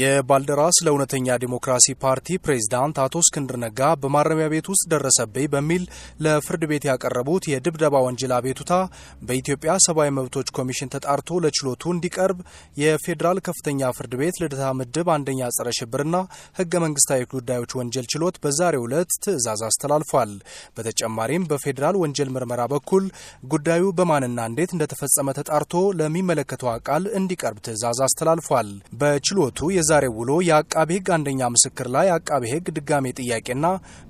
የባልደራስ ለእውነተኛ ዲሞክራሲ ፓርቲ ፕሬዝዳንት አቶ እስክንድር ነጋ በማረሚያ ቤት ውስጥ ደረሰብኝ በሚል ለፍርድ ቤት ያቀረቡት የድብደባ ወንጀል አቤቱታ በኢትዮጵያ ሰብአዊ መብቶች ኮሚሽን ተጣርቶ ለችሎቱ እንዲቀርብ የፌዴራል ከፍተኛ ፍርድ ቤት ልደታ ምድብ አንደኛ ጸረ ሽብርና ህገ መንግስታዊ ጉዳዮች ወንጀል ችሎት በዛሬው ዕለት ትዕዛዝ አስተላልፏል። በተጨማሪም በፌዴራል ወንጀል ምርመራ በኩል ጉዳዩ በማንና እንዴት እንደተፈጸመ ተጣርቶ ለሚመለከተው አካል እንዲቀርብ ትዕዛዝ አስተላልፏል። በችሎቱ የዛሬ ውሎ የአቃቢ ህግ አንደኛ ምስክር ላይ አቃቢ ህግ ድጋሜ ጥያቄና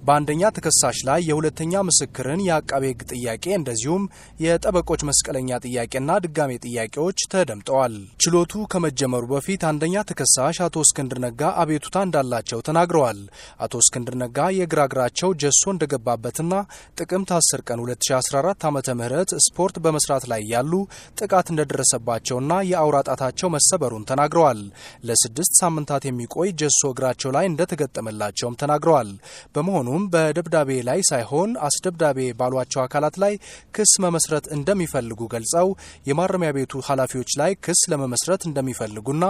በአንደኛ ተከሳሽ ላይ የሁለተኛ ምስክርን የአቃቢ ህግ ጥያቄ እንደዚሁም የጠበቆች መስቀለኛ ጥያቄና ድጋሜ ጥያቄዎች ተደምጠዋል። ችሎቱ ከመጀመሩ በፊት አንደኛ ተከሳሽ አቶ እስክንድር ነጋ አቤቱታ እንዳላቸው ተናግረዋል። አቶ እስክንድር ነጋ የግራ እግራቸው ጀሶ እንደገባበትና ጥቅምት 10 ቀን 2014 ም ስፖርት በመስራት ላይ ያሉ ጥቃት እንደደረሰባቸውና የአውራ ጣታቸው መሰበሩን ተናግረዋል። ለስድስት ሳምንታት የሚቆይ ጀሶ እግራቸው ላይ እንደተገጠመላቸውም ተናግረዋል። በመሆኑም በደብዳቤ ላይ ሳይሆን አስደብዳቤ ባሏቸው አካላት ላይ ክስ መመስረት እንደሚፈልጉ ገልጸው የማረሚያ ቤቱ ኃላፊዎች ላይ ክስ ለመመስረት እንደሚፈልጉና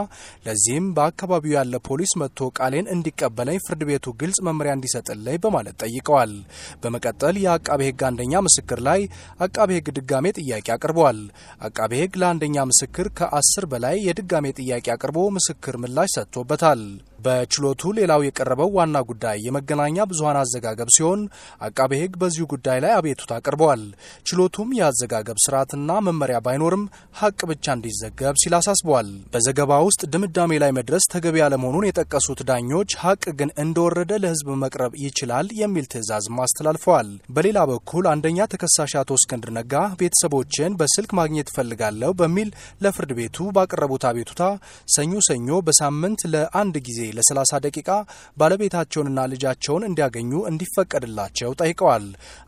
ለዚህም በአካባቢው ያለ ፖሊስ መጥቶ ቃሌን እንዲቀበለኝ ፍርድ ቤቱ ግልጽ መመሪያ እንዲሰጥልኝ በማለት ጠይቀዋል። በመቀጠል የአቃቤ ሕግ አንደኛ ምስክር ላይ አቃቤ ሕግ ድጋሜ ጥያቄ አቅርበዋል። አቃቤ ሕግ ለአንደኛ ምስክር ከአስር በላይ የድጋሜ ጥያቄ አቅርቦ ምስክር ምላሽ ተሰጥቶበታል በችሎቱ ሌላው የቀረበው ዋና ጉዳይ የመገናኛ ብዙሀን አዘጋገብ ሲሆን አቃቤ ሕግ በዚሁ ጉዳይ ላይ አቤቱታ አቅርበዋል። ችሎቱም የአዘጋገብ ስርዓትና መመሪያ ባይኖርም ሀቅ ብቻ እንዲዘገብ ሲል አሳስበዋል። በዘገባ ውስጥ ድምዳሜ ላይ መድረስ ተገቢ ያለመሆኑን የጠቀሱት ዳኞች ሀቅ ግን እንደወረደ ለሕዝብ መቅረብ ይችላል የሚል ትዕዛዝም አስተላልፈዋል። በሌላ በኩል አንደኛ ተከሳሽ አቶ እስክንድር ነጋ ቤተሰቦችን በስልክ ማግኘት እፈልጋለሁ በሚል ለፍርድ ቤቱ ባቀረቡት አቤቱታ ሰኞ ሰኞ በሳምንት ለአንድ ጊዜ ለ30 ደቂቃ ባለቤታቸውንና ልጃቸውን እንዲያገኙ እንዲፈቀድላቸው ጠይቀዋል።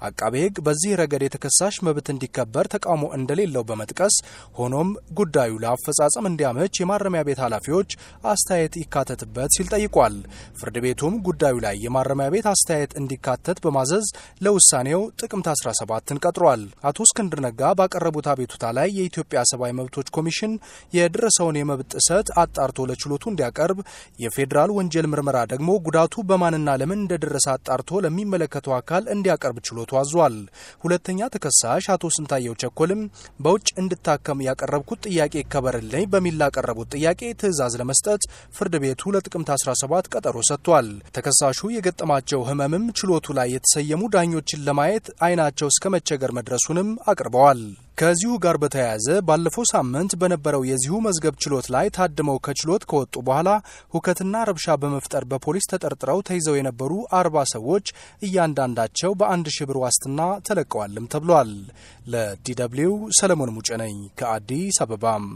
አቃቤ ሕግ በዚህ ረገድ የተከሳሽ መብት እንዲከበር ተቃውሞ እንደሌለው በመጥቀስ ሆኖም ጉዳዩ ለአፈጻጸም እንዲያመች የማረሚያ ቤት ኃላፊዎች አስተያየት ይካተትበት ሲል ጠይቋል። ፍርድ ቤቱም ጉዳዩ ላይ የማረሚያ ቤት አስተያየት እንዲካተት በማዘዝ ለውሳኔው ጥቅምት 17ን ቀጥሯል። አቶ እስክንድር ነጋ ባቀረቡት አቤቱታ ላይ የኢትዮጵያ ሰብአዊ መብቶች ኮሚሽን የደረሰውን የመብት ጥሰት አጣርቶ ለችሎቱ እንዲያቀርብ የፌዴራል ወንጀል ምርመራ ደግሞ ጉዳቱ በማንና ለምን እንደደረሰ አጣርቶ ለሚመለከተው አካል እንዲያቀርብ ችሎቱ አዟል። ሁለተኛ ተከሳሽ አቶ ስንታየው ቸኮልም በውጭ እንድታከም ያቀረብኩት ጥያቄ ይከበርልኝ በሚል ላቀረቡት ጥያቄ ትዕዛዝ ለመስጠት ፍርድ ቤቱ ለጥቅምት 17 ቀጠሮ ሰጥቷል። ተከሳሹ የገጠማቸው ህመምም ችሎቱ ላይ የተሰየሙ ዳኞችን ለማየት አይናቸው እስከ መቸገር መድረሱንም አቅርበዋል። ከዚሁ ጋር በተያያዘ ባለፈው ሳምንት በነበረው የዚሁ መዝገብ ችሎት ላይ ታድመው ከችሎት ከወጡ በኋላ ሁከትና ረብሻ በመፍጠር በፖሊስ ተጠርጥረው ተይዘው የነበሩ አርባ ሰዎች እያንዳንዳቸው በአንድ ሺህ ብር ዋስትና ተለቀዋልም ተብሏል። ለዲ ደብልዩ ሰለሞን ሙጬ ነኝ ከአዲስ አበባም